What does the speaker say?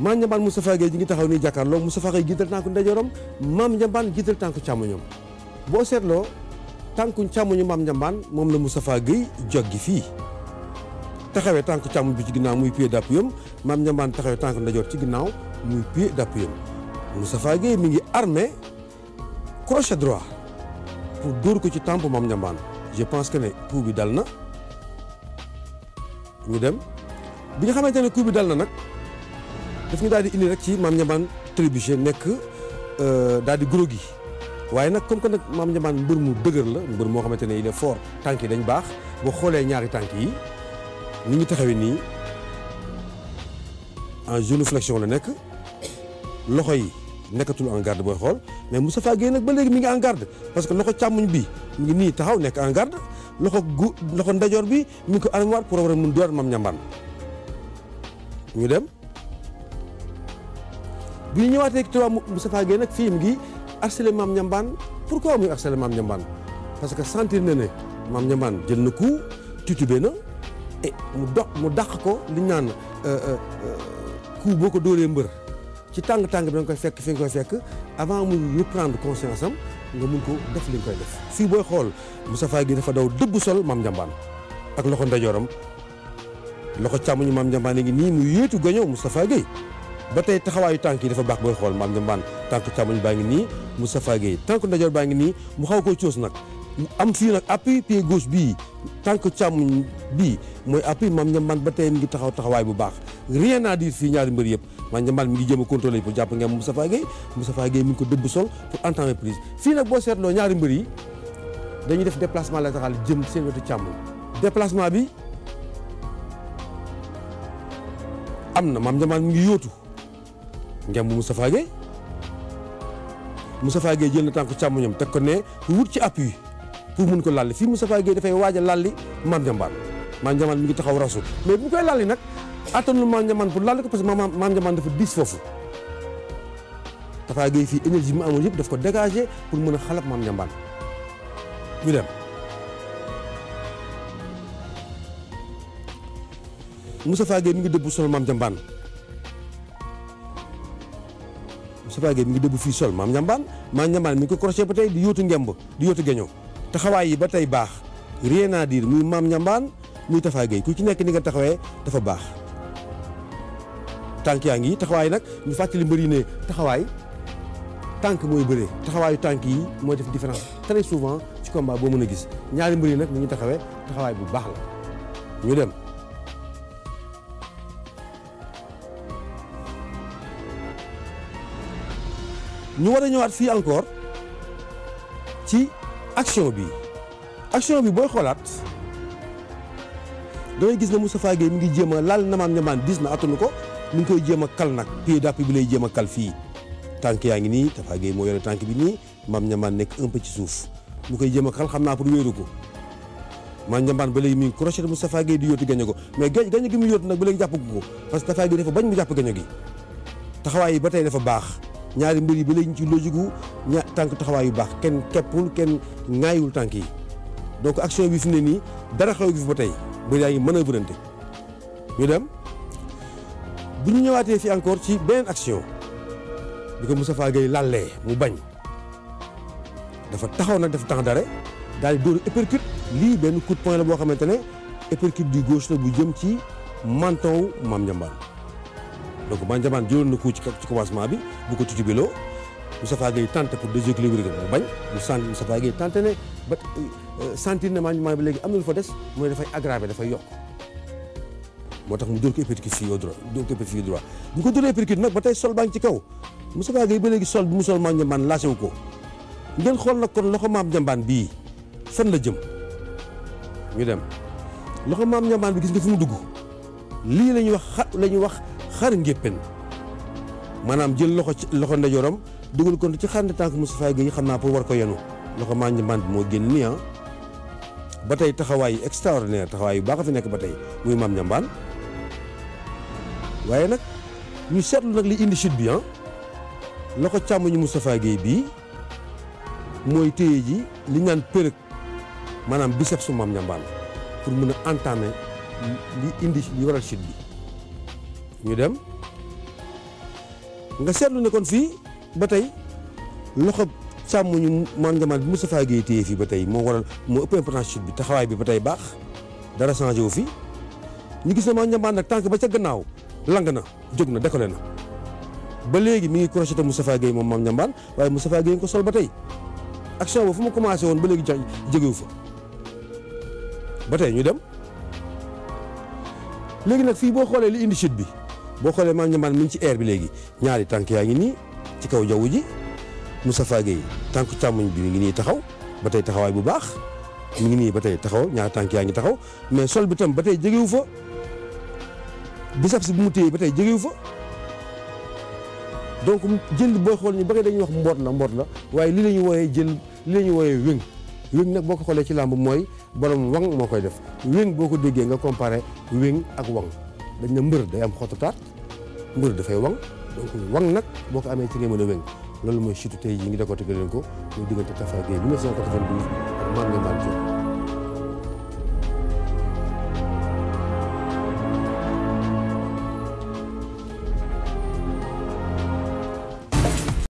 maam mu Moustapha Gueye ji ngi taxaw nii jàkkaarloo Moustapha Gueye jiital tànku ndeyjooram maam Ndiambane jiital tànku càmmoñam boo seetloo tànku càmmoñu maam Ndiambane moom la Moustapha Gueye gi fii taxawee tànk càmmoñ bi ci ginnaaw muy pied d'appui am maam Ndiambane taxawee tànku ndeyjoor ci ginnaaw muy pied d'appui am Moustapha Gueye mi ngi armé crochet droit pour dóor ko ci tàmp maam njambaan je pense que ne coup bi dal na ñu dem bi nga xamante ne coup bi dal na nag. ñu daal di indi rek ci maam Ndiambane trébuché nekk euh, daal di guro gi waaye nag comme que nag maam Ndiambane mbër mu dëgër la mbër moo xamante ne il est fort tànk yi dañ baax boo xoolee ñaari tànk yi ni ñu taxawee nii en génuflexion la nekk loxo yi nekkatul en garde booy xool mais Moustapha Guèye nag ba léegi mi ngi en garde parce que loxo càmmuñ bi mi ngi nii taxaw nekk en garde loxo gu loxo ndajoor bi mu ngi ko armoire pour war a mun door maam Ndiambane dem. bu ñu ñëwaatee Touba Moustapha Gueye nag fii mu ngi harcelé Maam Ndiambane pourquoi muy harcelé Maam Ndiambane parce que sentir na ne Maam Ndiambane jël na coup titubé na et mu dox mu dàq ko li naan euh, euh, euh, coup boo ko doolee mbër ci tàng-tàng bi da nga koy fekk fi nga koy fekk avant mu reprendre conscience am nga mun ko def li koy def fii booy xool Moustapha Gueye dafa daw dëbb sol Maam Ndiambane ak loxo ndajooram loxo càmmoñu Maam Ndiambane ngi nii mu yéetu gañoo Moustapha ba tey taxawaayu tànk yi dafa baax boo xool maam njambaan tànk càmmoñ baa ngi nii mu Moustapha Gueye tànk ndajoor baa ngi nii mu xaw koy coos nag am fii nag appui pied gauche bii tànk càmmuñ bii mooy appui maam njambaan ba tey mi ngi taxaw taxawaay bu baax rien à dire fii ñaari mbër yëpp maam njambaan mi ngi jëm a contrôler pour jàpp ngeen Moustapha Gueye Moustapha Gueye mi ngi ko dëbb sol pour entamer prise fii nag boo seetloo ñaari mbër yi dañuy def déplacement latéral jëm seen wetu càmmoñ déplacement bi am na maam njambaan mi ngi yóotu ngem bu Moustapha Gueye Moustapha Gueye jël na tànk ñoom teg ko ne wut ci appui pour mun ko lalli fii mu Gueye dafay waaj a lalli Mame Diambane Mame Diambane mi ngi taxaw rasu mais bu koy lalli nag attanul Mame Diambane pour lalli ko parce que Mame Diambane dafa diis foofu Moustapha Gueye fii énergie mu amoon yëpp daf ko dégagé pour mën a xalab Mame Diambane ñu dem Moustapha Gueye mi ngi dëbbu sol Mame Diambane Moustapha Gueye mi ngi dëbb fii sol maam njambaan maam njambaan mi ngi ko crochet ba tey di yóotu ngemb di yóotu geño taxawaay yi ba tey baax rien naa dire muy maam njambaan muy Tafa Gueye ku ci nekk ni nga taxawee dafa baax tànk yaa ngi taxawaay nag ñu fàttali mbëri ne taxawaay tànk mooy bëree taxawaayu tànk yi mooy def différence très souvent si combat boo mën a gis ñaari mbëri nag ni ngi taxawee taxawaay bu baax la ñu dem ñu war a ñëwaat fii encore ci action bi action bi booy xoolaat dangay gis ne Moustapha Gueye mi ngi jéem a laal namaan namaan dis na attanu ko mi ngi koy jéem a kal nag pied d'appui bi lay jéem a kal fii tànk yaa ngi nii Tafa Gueye moo yore tànk bi nii maam ñamaan nekk un ci suuf mu koy jéem a kal xam naa pour wéeru ko maam ñamaan ba léegi mi ngi crochet Moustapha Gueye di yóotu gaño ko mais gañ gaño gi mu yóotu nag ba jàpp ko parce que Tafa Gueye dafa bañ mu jàpp gaño gi taxawaay yi ba tey dafa baax ñaari mbir yi bi lañ ci logique ña tànk taxawaay yu baax kenn keppul kenn ŋaayul tànk yi donc action bi fi ne nii dara xew gi fi ba tey mbir yaa ngi manœuvrante ñu dem bu ñu ñëwaatee fii encore ci beneen action bi ko Moustapha Gueye làllee mu bañ dafa taxaw nag def temps d'arrêt daal di dóor uppercut lii benn coup de la boo xamante ne uppercut du gauche la bu jëm ci menton wu Mame donc Bandiambane jëloon na ko ci ci commencement bi bu ko tujubiloo Moustapha Gueye tenté pour déséquilibrer ko mu bañ mu sant Moustapha Gueye ne ba maam euh, ne bi léegi am na lu fa des mooy dafay aggravé dafay yokk moo tax mu dóor ko uppercut fii au droit dóor ko uppercut fii bu ko dóoree uppercut nag ba tey sol baa ngi ci kaw Moustapha Gueye ba léegi sol bi mu sol Bandiambane laasé wu ko ngeen xool nag kon loxo maam jambaan bii fan la jëm ñu dem loxo maam Bandiambane bi gis nga fu mu dugg lii la ñuy wax xat la ñuy wax xar ngéppen maanaam jël loxo ci loxo ndeyjooram dugal ko ci xarante tànk Moustapha Guèye xam naa pour war ko yenu loxo maa ngi mbànd moo génn nii ah ba tey taxawaay extraordinaire taxawaay yu baax a fi nekk ba tey muy maam ñambaan waaye nag ñu seetlu nag li indi chute bi ah loxo càmmoñu Moustapha Guèye bii mooy téye ji li ñaan përëg maanaam biceps su maam ñambaan pour mën a entamer li indi li waral chute bi ñu dem nga seetlu ne kon fii ba tey loxo ñu man jamaan bi Moustapha Guèye téye fii ba tey moo waral moo ëpp importance chute bi taxawaay bi ba tey baax dara changé wu fi ñu gis ne man jamaan nag tànk ba ca gannaaw lang na jóg na décollé na ba léegi mi ngi crocheté Moustapha Guèye moom maam Ndiambane waaye Moustapha Guèye ko sol ba tey action boobu fu mu commencé woon ba léegi ja jegewu fa ba tey ñu dem léegi nag fii boo xoolee li indi bi. boo xoolee maam Ndiambane mi ngi ci air bi léegi ñaari tànk yaa ngi nii ci kaw jaww ji Moustapha Gueye tànku càmmoñ bi ngi nii taxaw ba tey taxawaay bu baax mi ngi nii ba tey taxaw ñaari tànk yaa ngi taxaw mais sol bi tam ba tey jegewu fa bisab si bu mu téye ba tey jegewu fa donc jënd boo xool ñu ba bëri dañuy wax mboot la mboot la waaye li lañu ñu wooyee jënd li la ñu wooyee wéng wéng nag boo ko xoolee ci làmb mooy borom wang moo koy def wéng boo ko déggee nga comparé wéng ak wang dañ na mbër day am xotutaat mbër dafay waŋ donc waŋ nag boo ko amee ci nga mën a wéng loolu mooy chute tey jii ngi da ko tëggaleen ko muy diggante Tafa Gueye 1992 ak Mame Ndeye Bane Diop